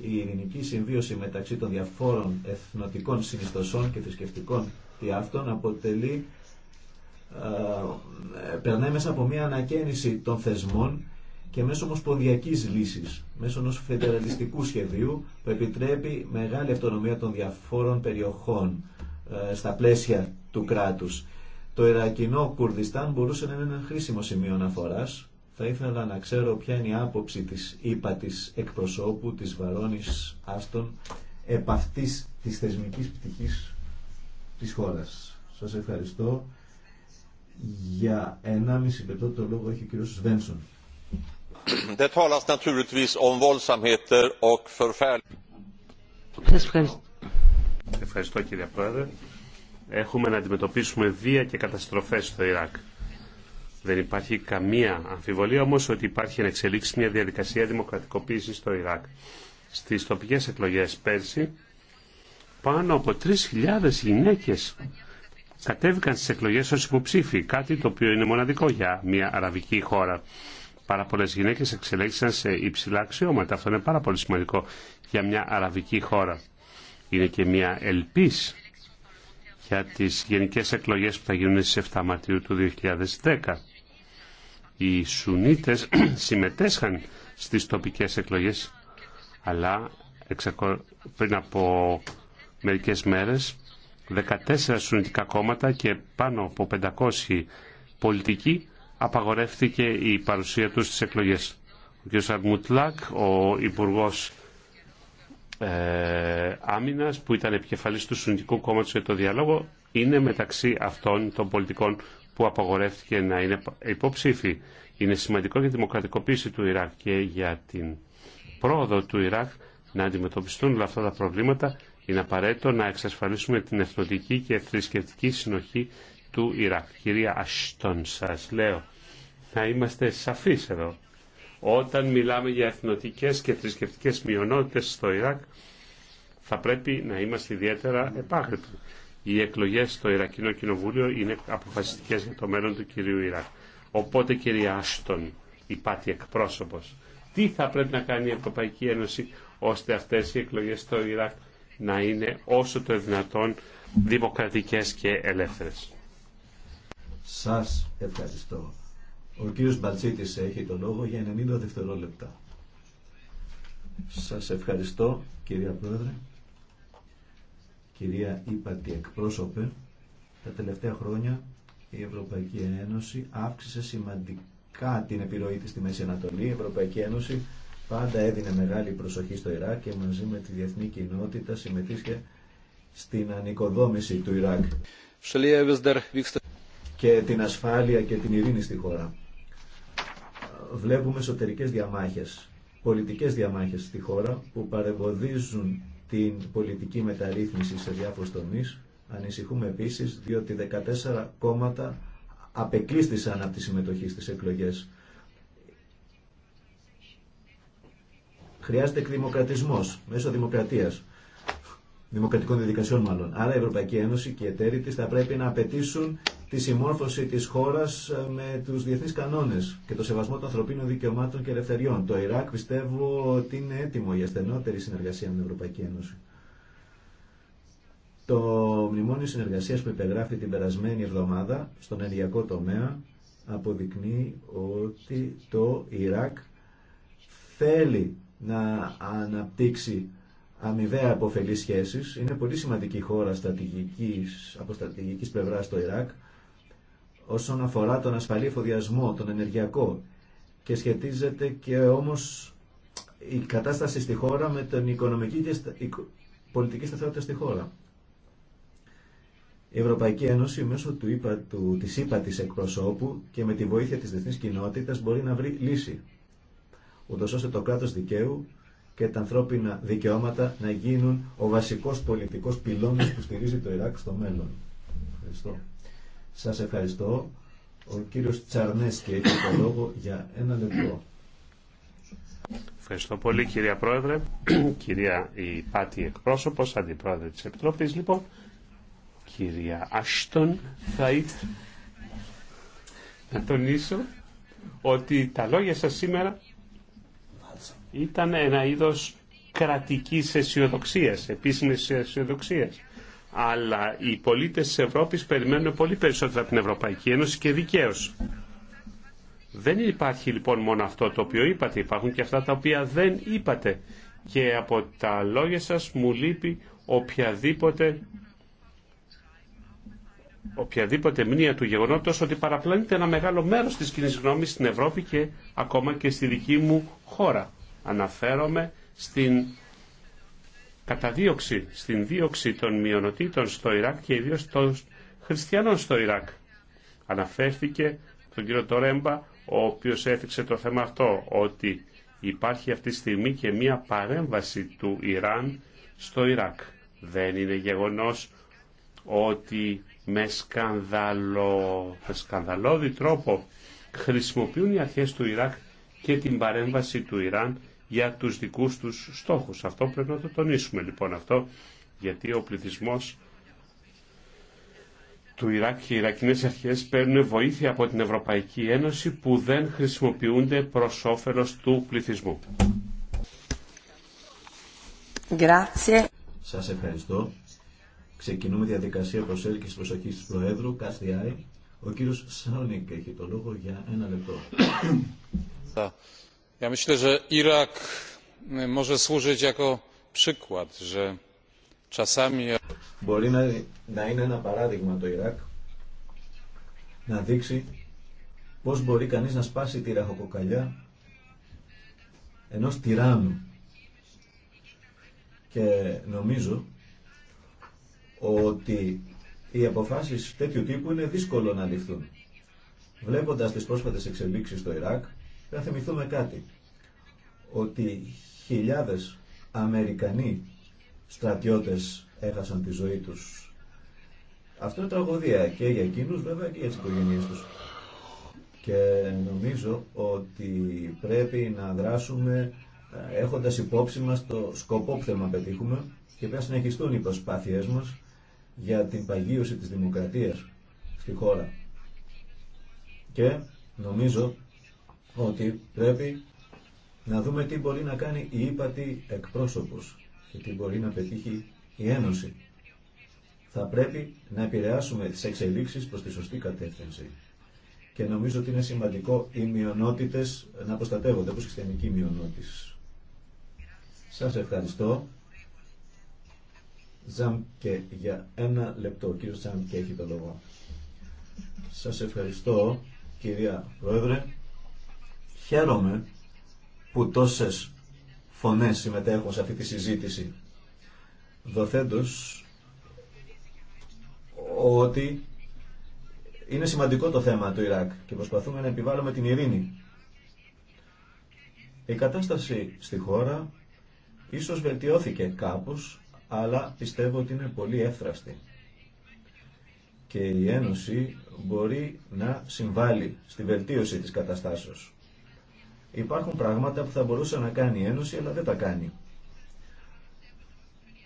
η ειρηνική συμβίωση μεταξύ των διαφόρων εθνοτικών συνιστοσών και θρησκευτικών πιάτων αποτελεί ε, περνάει μέσα από μια ανακαίνιση των θεσμών και μέσω ομοσπονδιακής λύσης, μέσω ενός φεντεραλιστικού σχεδίου που επιτρέπει μεγάλη αυτονομία των διαφόρων περιοχών ε, στα πλαίσια του κράτους. Το Ιρακινό Κουρδιστάν μπορούσε να είναι ένα χρήσιμο σημείο αναφοράς θα ήθελα να ξέρω ποια είναι η άποψη της ύπατης εκπροσώπου της Βαρόνης Άστον επ' αυτής της θεσμικής πτυχής της χώρας. Σας ευχαριστώ. Για 1,5 λεπτό το λόγο έχει ο κ. Σβένσον. Ευχαριστώ. Ευχαριστώ κύριε Πρόεδρε. Έχουμε να αντιμετωπίσουμε βία και καταστροφές στο Ιράκ. Δεν υπάρχει καμία αμφιβολία όμως ότι υπάρχει να εξελίξει μια διαδικασία δημοκρατικοποίησης στο Ιράκ. Στις τοπικές εκλογές πέρσι πάνω από 3.000 γυναίκες κατέβηκαν στις εκλογές ως υποψήφοι, κάτι το οποίο είναι μοναδικό για μια αραβική χώρα. Πάρα πολλέ γυναίκε εξελέγησαν σε υψηλά αξιώματα. Αυτό είναι πάρα πολύ σημαντικό για μια αραβική χώρα. Είναι και μια ελπίση για τις γενικές εκλογές που θα γίνουν στις 7 Μαρτίου του 2010 οι Σουνίτες συμμετέσχαν στις τοπικές εκλογές αλλά πριν από μερικές μέρες 14 Σουνιτικά κόμματα και πάνω από 500 πολιτικοί απαγορεύτηκε η παρουσία τους στις εκλογές. Ο κ. Αρμουτλάκ, ο Υπουργός ε, Άμυνας που ήταν επικεφαλής του Σουνιτικού Κόμματος για το Διαλόγο είναι μεταξύ αυτών των πολιτικών που απαγορεύτηκε να είναι υποψήφοι. Είναι σημαντικό για τη δημοκρατικοποίηση του Ιράκ και για την πρόοδο του Ιράκ να αντιμετωπιστούν όλα αυτά τα προβλήματα. Είναι απαραίτητο να εξασφαλίσουμε την εθνοτική και θρησκευτική συνοχή του Ιράκ. Κυρία Αστόν, σας λέω να είμαστε σαφείς εδώ. Όταν μιλάμε για εθνοτικές και θρησκευτικές μειονότητες στο Ιράκ, θα πρέπει να είμαστε ιδιαίτερα επάγρυπτοι. Οι εκλογές στο Ιρακινό Κοινοβούλιο είναι αποφασιστικές για το μέλλον του κυρίου Ιράκ. Οπότε κυρία Άστον, η πάτη τι θα πρέπει να κάνει η Ευρωπαϊκή Ένωση ώστε αυτές οι εκλογές στο Ιράκ να είναι όσο το δυνατόν δημοκρατικές και ελεύθερες. Σας ευχαριστώ. Ο κύριος Μπαλτσίτης έχει το λόγο για 90 δευτερόλεπτα. Σας ευχαριστώ κύριε Πρόεδρε. Κυρία Ήπατη εκπρόσωπε, τα τελευταία χρόνια η Ευρωπαϊκή Ένωση αύξησε σημαντικά την επιρροή της στη Μέση Ανατολή. Η Ευρωπαϊκή Ένωση πάντα έδινε μεγάλη προσοχή στο Ιράκ και μαζί με τη διεθνή κοινότητα συμμετείχε στην ανοικοδόμηση του Ιράκ και την ασφάλεια και την ειρήνη στη χώρα. Βλέπουμε εσωτερικές διαμάχες, πολιτικές διαμάχες στη χώρα που παρεμποδίζουν την πολιτική μεταρρύθμιση σε διάφορους τομείς. Ανησυχούμε επίσης διότι 14 κόμματα απεκλείστησαν από τη συμμετοχή στις εκλογές. Χρειάζεται εκδημοκρατισμός μέσω δημοκρατίας, δημοκρατικών διαδικασιών μάλλον. Άρα η Ευρωπαϊκή Ένωση και οι εταίροι της θα πρέπει να απαιτήσουν τη συμμόρφωση της χώρας ε, με τους διεθνείς κανόνες και το σεβασμό των ανθρωπίνων δικαιωμάτων και ελευθεριών. Το Ιράκ πιστεύω ότι είναι έτοιμο για στενότερη συνεργασία με την Ευρωπαϊκή Ένωση. Το μνημόνιο συνεργασίας που υπεγράφει την περασμένη εβδομάδα στον ενεργειακό τομέα αποδεικνύει ότι το Ιράκ θέλει να αναπτύξει αμοιβαία αποφελή σχέσεις. Είναι πολύ σημαντική χώρα στρατηγικής, από στρατηγικής πλευράς το Ιράκ όσον αφορά τον ασφαλή εφοδιασμό, τον ενεργειακό και σχετίζεται και όμως η κατάσταση στη χώρα με την οικονομική και πολιτική σταθερότητα στη χώρα. Η Ευρωπαϊκή Ένωση μέσω του ΥΠΑ, του, της ΥΠΑ της εκπροσώπου και με τη βοήθεια της διεθνής κοινότητας μπορεί να βρει λύση, ούτως ώστε το κράτος δικαίου και τα ανθρώπινα δικαιώματα να γίνουν ο βασικός πολιτικός πυλώνας που στηρίζει το Ιράκ στο μέλλον. Ευχαριστώ. Σας ευχαριστώ. Ο κύριος Τσαρνέσκη έχει το λόγο για ένα λεπτό. Ευχαριστώ πολύ κυρία Πρόεδρε, κυρία η Πάτη εκπρόσωπος, αντιπρόεδρε της Επιτροπής λοιπόν, κυρία Άστον θα ήθελα να τονίσω ότι τα λόγια σας σήμερα ήταν ένα είδος κρατικής αισιοδοξία, επίσημης αισιοδοξίας αλλά οι πολίτες της Ευρώπης περιμένουν πολύ περισσότερα από την Ευρωπαϊκή Ένωση και δικαίω. Δεν υπάρχει λοιπόν μόνο αυτό το οποίο είπατε, υπάρχουν και αυτά τα οποία δεν είπατε και από τα λόγια σας μου λείπει οποιαδήποτε οποιαδήποτε μνήμα του γεγονότος ότι παραπλανείται ένα μεγάλο μέρος της κοινή γνώμη στην Ευρώπη και ακόμα και στη δική μου χώρα. Αναφέρομαι στην καταδίωξη, στην δίωξη των μειονοτήτων στο Ιράκ και ιδίω των χριστιανών στο Ιράκ. Αναφέρθηκε τον κύριο Τορέμπα, ο οποίος έθιξε το θέμα αυτό, ότι υπάρχει αυτή τη στιγμή και μία παρέμβαση του Ιράν στο Ιράκ. Δεν είναι γεγονός ότι με, σκανδαλο, με σκανδαλώδη τρόπο χρησιμοποιούν οι αρχές του Ιράκ και την παρέμβαση του Ιράν για τους δικούς τους στόχους. Αυτό πρέπει να το τονίσουμε λοιπόν αυτό, γιατί ο πληθυσμός του Ιράκ και οι Ιρακινές αρχές παίρνουν βοήθεια από την Ευρωπαϊκή Ένωση που δεν χρησιμοποιούνται προς όφελος του πληθυσμού. Grazie. Σας ευχαριστώ. Ξεκινούμε διαδικασία προσέλκυσης προσοχής του Προέδρου, ΚΑΣΤΙΑΗ. Ο κύριος Σάνικ έχει το λόγο για ένα λεπτό. Μπορεί να, να είναι ένα παράδειγμα το Ιράκ να δείξει πώς μπορεί κανείς να σπάσει τη ραχοκοκαλιά ενός τυράννου. Και νομίζω ότι οι αποφάσεις τέτοιου τύπου είναι δύσκολο να ληφθούν. Βλέποντας τις πρόσφατες εξελίξεις στο Ιράκ, να θυμηθούμε κάτι. Ότι χιλιάδες Αμερικανοί στρατιώτες έχασαν τη ζωή τους. Αυτό είναι τραγωδία και για εκείνους βέβαια και για τις οικογένειές τους. Και νομίζω ότι πρέπει να δράσουμε ε, έχοντας υπόψη μας το σκοπό που θέλουμε να πετύχουμε και πρέπει να συνεχιστούν οι προσπάθειές μας για την παγίωση της δημοκρατίας στη χώρα. Και νομίζω ότι πρέπει να δούμε τι μπορεί να κάνει η ύπατη εκπρόσωπος και τι μπορεί να πετύχει η Ένωση. Θα πρέπει να επηρεάσουμε τις εξελίξεις προς τη σωστή κατεύθυνση. Και νομίζω ότι είναι σημαντικό οι μειονότητε να προστατεύονται, όπως χριστιανική μειονότητα. Σας ευχαριστώ. και για ένα λεπτό. Ο κύριος και έχει το λόγο. Σας ευχαριστώ, κυρία Πρόεδρε. Χαίρομαι που τόσες φωνές συμμετέχουν σε αυτή τη συζήτηση. Δοθέντως ότι είναι σημαντικό το θέμα του Ιράκ και προσπαθούμε να επιβάλλουμε την ειρήνη. Η κατάσταση στη χώρα ίσως βελτιώθηκε κάπως, αλλά πιστεύω ότι είναι πολύ εύθραστη. Και η Ένωση μπορεί να συμβάλλει στη βελτίωση της καταστάσεως. Υπάρχουν πράγματα που θα μπορούσε να κάνει η Ένωση, αλλά δεν τα κάνει.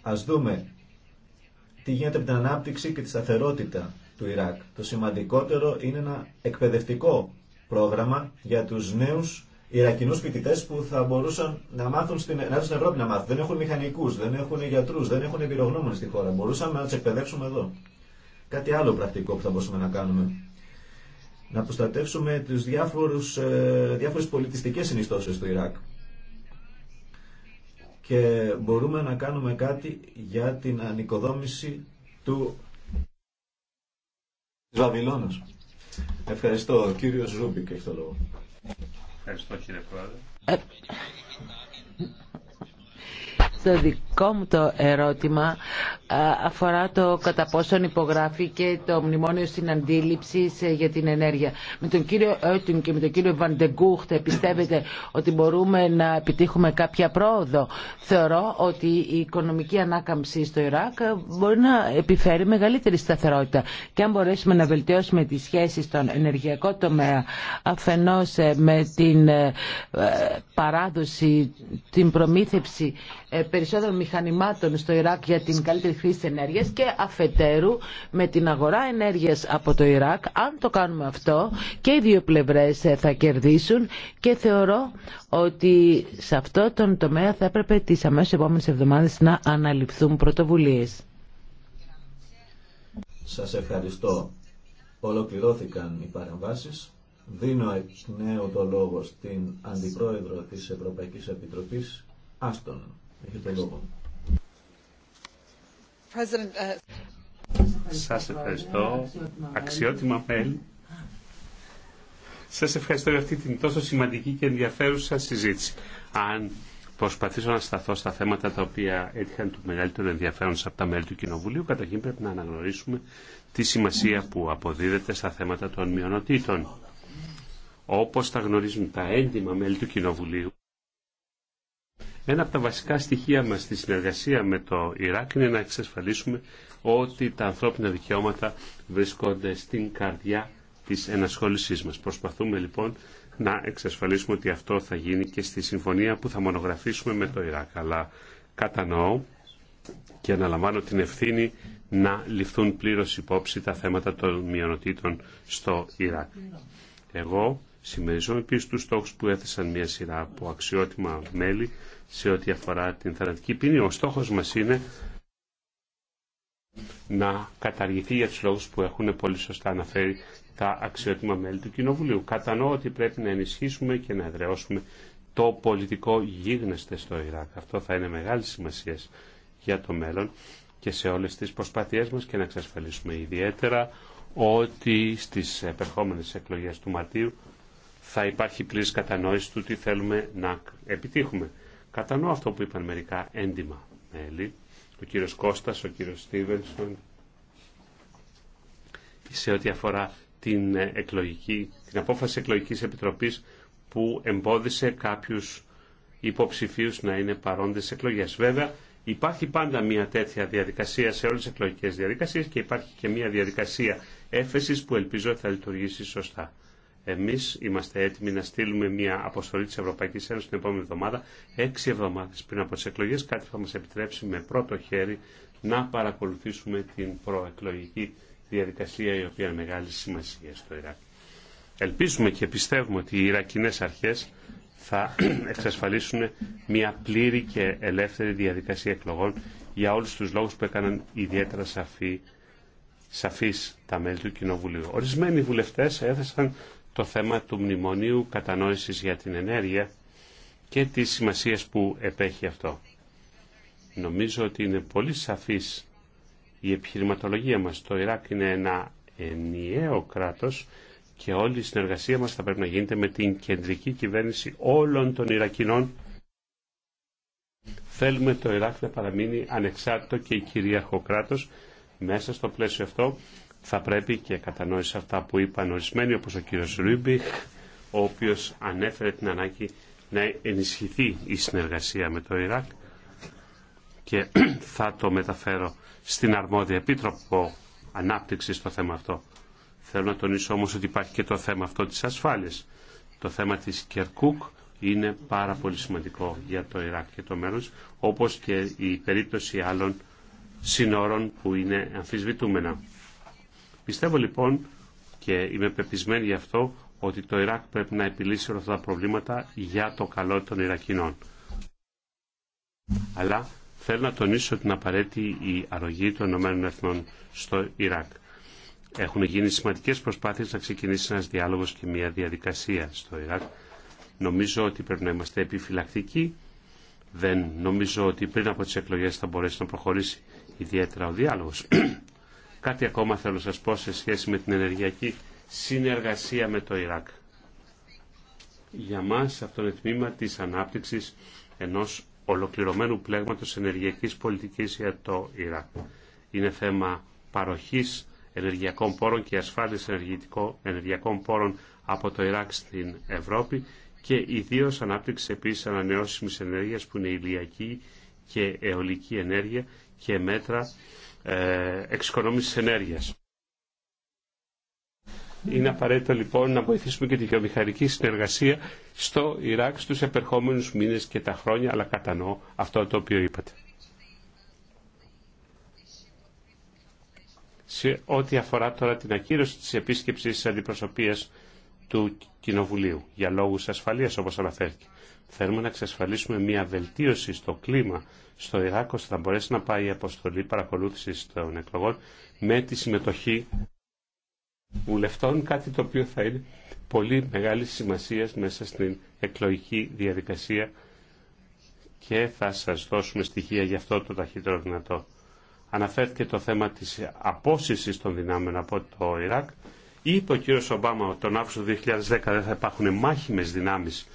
Ας δούμε τι γίνεται με την ανάπτυξη και τη σταθερότητα του Ιράκ. Το σημαντικότερο είναι ένα εκπαιδευτικό πρόγραμμα για τους νέους Ιρακινούς φοιτητέ που θα μπορούσαν να μάθουν στην, να στην Ευρώπη να μάθουν. Δεν έχουν μηχανικούς, δεν έχουν γιατρούς, δεν έχουν εμπειρογνώμονες στη χώρα. Μπορούσαμε να τους εκπαιδεύσουμε εδώ. Κάτι άλλο πρακτικό που θα μπορούσαμε να κάνουμε να προστατεύσουμε τις διάφορους, ε, διάφορες πολιτιστικές συνιστώσεις του Ιράκ. Και μπορούμε να κάνουμε κάτι για την ανοικοδόμηση του Βαβυλώνας. Ευχαριστώ. Ο κύριος Ζούμπικ έχει το λόγο. Ευχαριστώ κύριε Πρόεδρε. Ε, το δικό μου το ερώτημα αφορά το κατά πόσον υπογράφει και το μνημόνιο αντίληψη ε, για την ενέργεια. Με τον κύριο ούτε και με τον κύριο Βαντεγκούχτε πιστεύετε ότι μπορούμε να επιτύχουμε κάποια πρόοδο. Θεωρώ ότι η οικονομική ανάκαμψη στο Ιράκ ε, μπορεί να επιφέρει μεγαλύτερη σταθερότητα. Και αν μπορέσουμε να βελτιώσουμε τις σχέσεις στον ενεργειακό τομέα αφενός ε, με την παράδοση, την προμήθευση περισσότερων μηχανημάτων στο Ιράκ για την καλύτερη χρήση ενέργειας και αφετέρου με την αγορά ενέργειας από το Ιράκ. Αν το κάνουμε αυτό και οι δύο πλευρές ε, θα κερδίσουν και θεωρώ ότι σε αυτό τον τομέα θα έπρεπε τις αμέσως επόμενες εβδομάδες να αναλυφθούν πρωτοβουλίες. Σας ευχαριστώ. Ολοκληρώθηκαν οι παρεμβάσει, Δίνω εκ νέου το λόγο στην Αντιπρόεδρο της Ευρωπαϊκής Επιτροπής, Άστον. Uh, Σας ευχαριστώ. Αξιότιμα μέλη. Σας ευχαριστώ για αυτή την τόσο σημαντική και ενδιαφέρουσα συζήτηση. Αν προσπαθήσω να σταθώ στα θέματα τα οποία έτυχαν του μεγαλύτερου ενδιαφέρον από τα μέλη του Κοινοβουλίου, καταρχήν πρέπει να αναγνωρίσουμε τη σημασία που αποδίδεται στα θέματα των μειονοτήτων. Όπως τα γνωρίζουν τα έντιμα μέλη του Κοινοβουλίου, ένα από τα βασικά στοιχεία μας στη συνεργασία με το Ιράκ είναι να εξασφαλίσουμε ότι τα ανθρώπινα δικαιώματα βρίσκονται στην καρδιά της ενασχόλησής μας. Προσπαθούμε λοιπόν να εξασφαλίσουμε ότι αυτό θα γίνει και στη συμφωνία που θα μονογραφήσουμε με το Ιράκ. Αλλά κατανοώ και αναλαμβάνω την ευθύνη να ληφθούν πλήρως υπόψη τα θέματα των μειονοτήτων στο Ιράκ. Εγώ Σημερίζω επίση του στόχου που έθεσαν μια σειρά από αξιότιμα μέλη σε ό,τι αφορά την θανατική ποινή. Ο στόχο μα είναι να καταργηθεί για του λόγου που έχουν πολύ σωστά αναφέρει τα αξιότιμα μέλη του Κοινοβουλίου. Κατανοώ ότι πρέπει να ενισχύσουμε και να εδραιώσουμε το πολιτικό γίγνεσθε στο Ιράκ. Αυτό θα είναι μεγάλη σημασία για το μέλλον και σε όλες τις προσπάθειές μας και να εξασφαλίσουμε ιδιαίτερα ότι στις επερχόμενες εκλογές του Μαρτίου θα υπάρχει πλήρης κατανόηση του τι θέλουμε να επιτύχουμε. Κατανοώ αυτό που είπαν μερικά έντιμα μέλη, ο κύριος Κώστας, ο κύριος Στίβενσον, σε ό,τι αφορά την, εκλογική, την απόφαση εκλογικής επιτροπής που εμπόδισε κάποιους υποψηφίους να είναι παρόντες εκλογές. Βέβαια, υπάρχει πάντα μια τέτοια διαδικασία σε όλες τις εκλογικές διαδικασίες και υπάρχει και μια διαδικασία έφεσης που ελπίζω θα λειτουργήσει σωστά. Εμείς είμαστε έτοιμοι να στείλουμε μια αποστολή της Ευρωπαϊκής Ένωσης την επόμενη εβδομάδα, έξι εβδομάδες πριν από τις εκλογές, κάτι θα μας επιτρέψει με πρώτο χέρι να παρακολουθήσουμε την προεκλογική διαδικασία η οποία είναι μεγάλη σημασία στο Ιράκ. Ελπίζουμε και πιστεύουμε ότι οι Ιρακινές αρχές θα εξασφαλίσουν μια πλήρη και ελεύθερη διαδικασία εκλογών για όλους τους λόγους που έκαναν ιδιαίτερα σαφή, σαφείς τα μέλη του Κοινοβουλίου. Ορισμένοι βουλευτές έθεσαν το θέμα του μνημονίου κατανόησης για την ενέργεια και τις σημασίες που επέχει αυτό. Νομίζω ότι είναι πολύ σαφής η επιχειρηματολογία μας. Το Ιράκ είναι ένα ενιαίο κράτος και όλη η συνεργασία μας θα πρέπει να γίνεται με την κεντρική κυβέρνηση όλων των Ιρακινών. Θέλουμε το Ιράκ να παραμείνει ανεξάρτητο και κυρίαρχο Μέσα στο πλαίσιο αυτό θα πρέπει και κατανόηση αυτά που είπαν ορισμένοι όπως ο κύριος Ρούμπιχ ο οποίος ανέφερε την ανάγκη να ενισχυθεί η συνεργασία με το Ιράκ και θα το μεταφέρω στην αρμόδια επίτροπο ανάπτυξη στο θέμα αυτό. Θέλω να τονίσω όμως ότι υπάρχει και το θέμα αυτό της ασφάλειας. Το θέμα της Κερκούκ είναι πάρα πολύ σημαντικό για το Ιράκ και το μέρος, όπως και η περίπτωση άλλων σύνορων που είναι αμφισβητούμενα. Πιστεύω λοιπόν και είμαι πεπισμένη γι' αυτό ότι το Ιράκ πρέπει να επιλύσει όλα αυτά τα προβλήματα για το καλό των Ιρακινών. Αλλά θέλω να τονίσω την απαραίτητη η αρρωγή των Ηνωμένων στο Ιράκ. Έχουν γίνει σημαντικές προσπάθειες να ξεκινήσει ένας διάλογος και μια διαδικασία στο Ιράκ. Νομίζω ότι πρέπει να είμαστε επιφυλακτικοί. Δεν νομίζω ότι πριν από τις εκλογές θα μπορέσει να προχωρήσει ιδιαίτερα ο διάλογος. Κάτι ακόμα θέλω να σας πω σε σχέση με την ενεργειακή συνεργασία με το Ιράκ. Για μας αυτό είναι τμήμα της ανάπτυξης ενός ολοκληρωμένου πλέγματος ενεργειακής πολιτικής για το Ιράκ. Είναι θέμα παροχής ενεργειακών πόρων και ασφάλειας ενεργειακών πόρων από το Ιράκ στην Ευρώπη και ιδίως ανάπτυξη επίσης ανανεώσιμης ενέργειας που είναι ηλιακή, και αιωλική ενέργεια και μέτρα ε, εξοικονόμησης ενέργειας. Είναι απαραίτητο λοιπόν να βοηθήσουμε και τη βιομηχανική συνεργασία στο Ιράκ στους επερχόμενους μήνες και τα χρόνια, αλλά κατανοώ αυτό το οποίο είπατε. Σε ό,τι αφορά τώρα την ακύρωση της επίσκεψης της αντιπροσωπείας του Κοινοβουλίου για λόγους ασφαλείας όπως αναφέρθηκε. Θέλουμε να εξασφαλίσουμε μια βελτίωση στο κλίμα στο Ιράκ ώστε να μπορέσει να πάει η αποστολή παρακολούθηση των εκλογών με τη συμμετοχή βουλευτών, κάτι το οποίο θα είναι πολύ μεγάλη σημασία μέσα στην εκλογική διαδικασία και θα σας δώσουμε στοιχεία γι' αυτό το ταχύτερο δυνατό. Αναφέρθηκε το θέμα της απόσυσης των δυνάμεων από το Ιράκ. Είπε ο κύριος Ομπάμα ότι τον Αύγουστο 2010 δεν θα υπάρχουν μάχημες δυνάμεις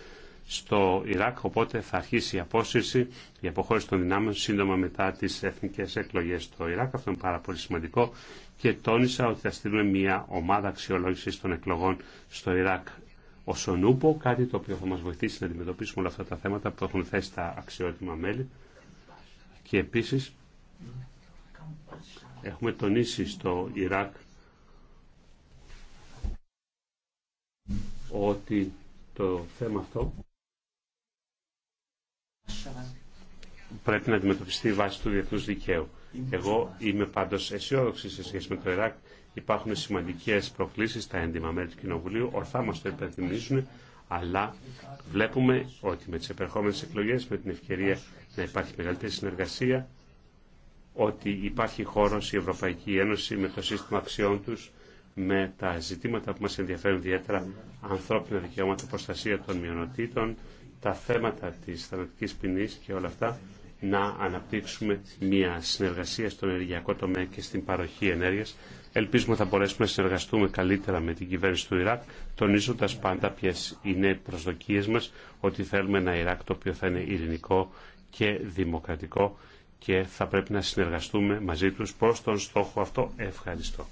στο Ιράκ, οπότε θα αρχίσει η απόσυρση, η αποχώρηση των δυνάμεων σύντομα μετά τις εθνικές εκλογές στο Ιράκ. Αυτό είναι πάρα πολύ σημαντικό και τόνισα ότι θα στείλουμε μια ομάδα αξιολόγησης των εκλογών στο Ιράκ ως ο Νούπο, κάτι το οποίο θα μας βοηθήσει να αντιμετωπίσουμε όλα αυτά τα θέματα που έχουν θέσει τα αξιότιμα μέλη. Και επίσης έχουμε τονίσει στο Ιράκ ότι το θέμα αυτό πρέπει να αντιμετωπιστεί βάση του διεθνούς δικαίου. Εγώ είμαι πάντως αισιόδοξη σε σχέση με το Ιράκ. Υπάρχουν σημαντικές προκλήσεις στα έντιμα μέρη του Κοινοβουλίου. Ορθά μας το υπενθυμίζουν, αλλά βλέπουμε ότι με τις επερχόμενες εκλογές, με την ευκαιρία να υπάρχει μεγαλύτερη συνεργασία, ότι υπάρχει χώρος η Ευρωπαϊκή Ένωση με το σύστημα αξιών τους, με τα ζητήματα που μας ενδιαφέρουν ιδιαίτερα, ανθρώπινα δικαιώματα, προστασία των μειονοτήτων, τα θέματα της θανατικής ποινή και όλα αυτά να αναπτύξουμε μια συνεργασία στον ενεργειακό τομέα και στην παροχή ενέργειας. Ελπίζουμε θα μπορέσουμε να συνεργαστούμε καλύτερα με την κυβέρνηση του Ιράκ, τονίζοντας πάντα ποιε είναι οι προσδοκίες μας ότι θέλουμε ένα Ιράκ το οποίο θα είναι ειρηνικό και δημοκρατικό και θα πρέπει να συνεργαστούμε μαζί τους προς τον στόχο αυτό. Ευχαριστώ.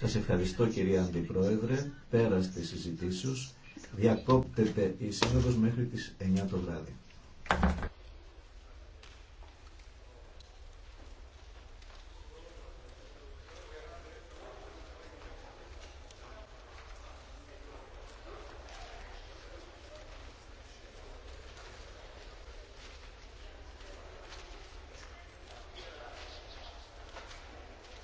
Σας ευχαριστώ κυρία Αντιπρόεδρε. Πέρα στι συζητήσεις Διακόπτεται η σύνοδος μέχρι τις 9 το βράδυ.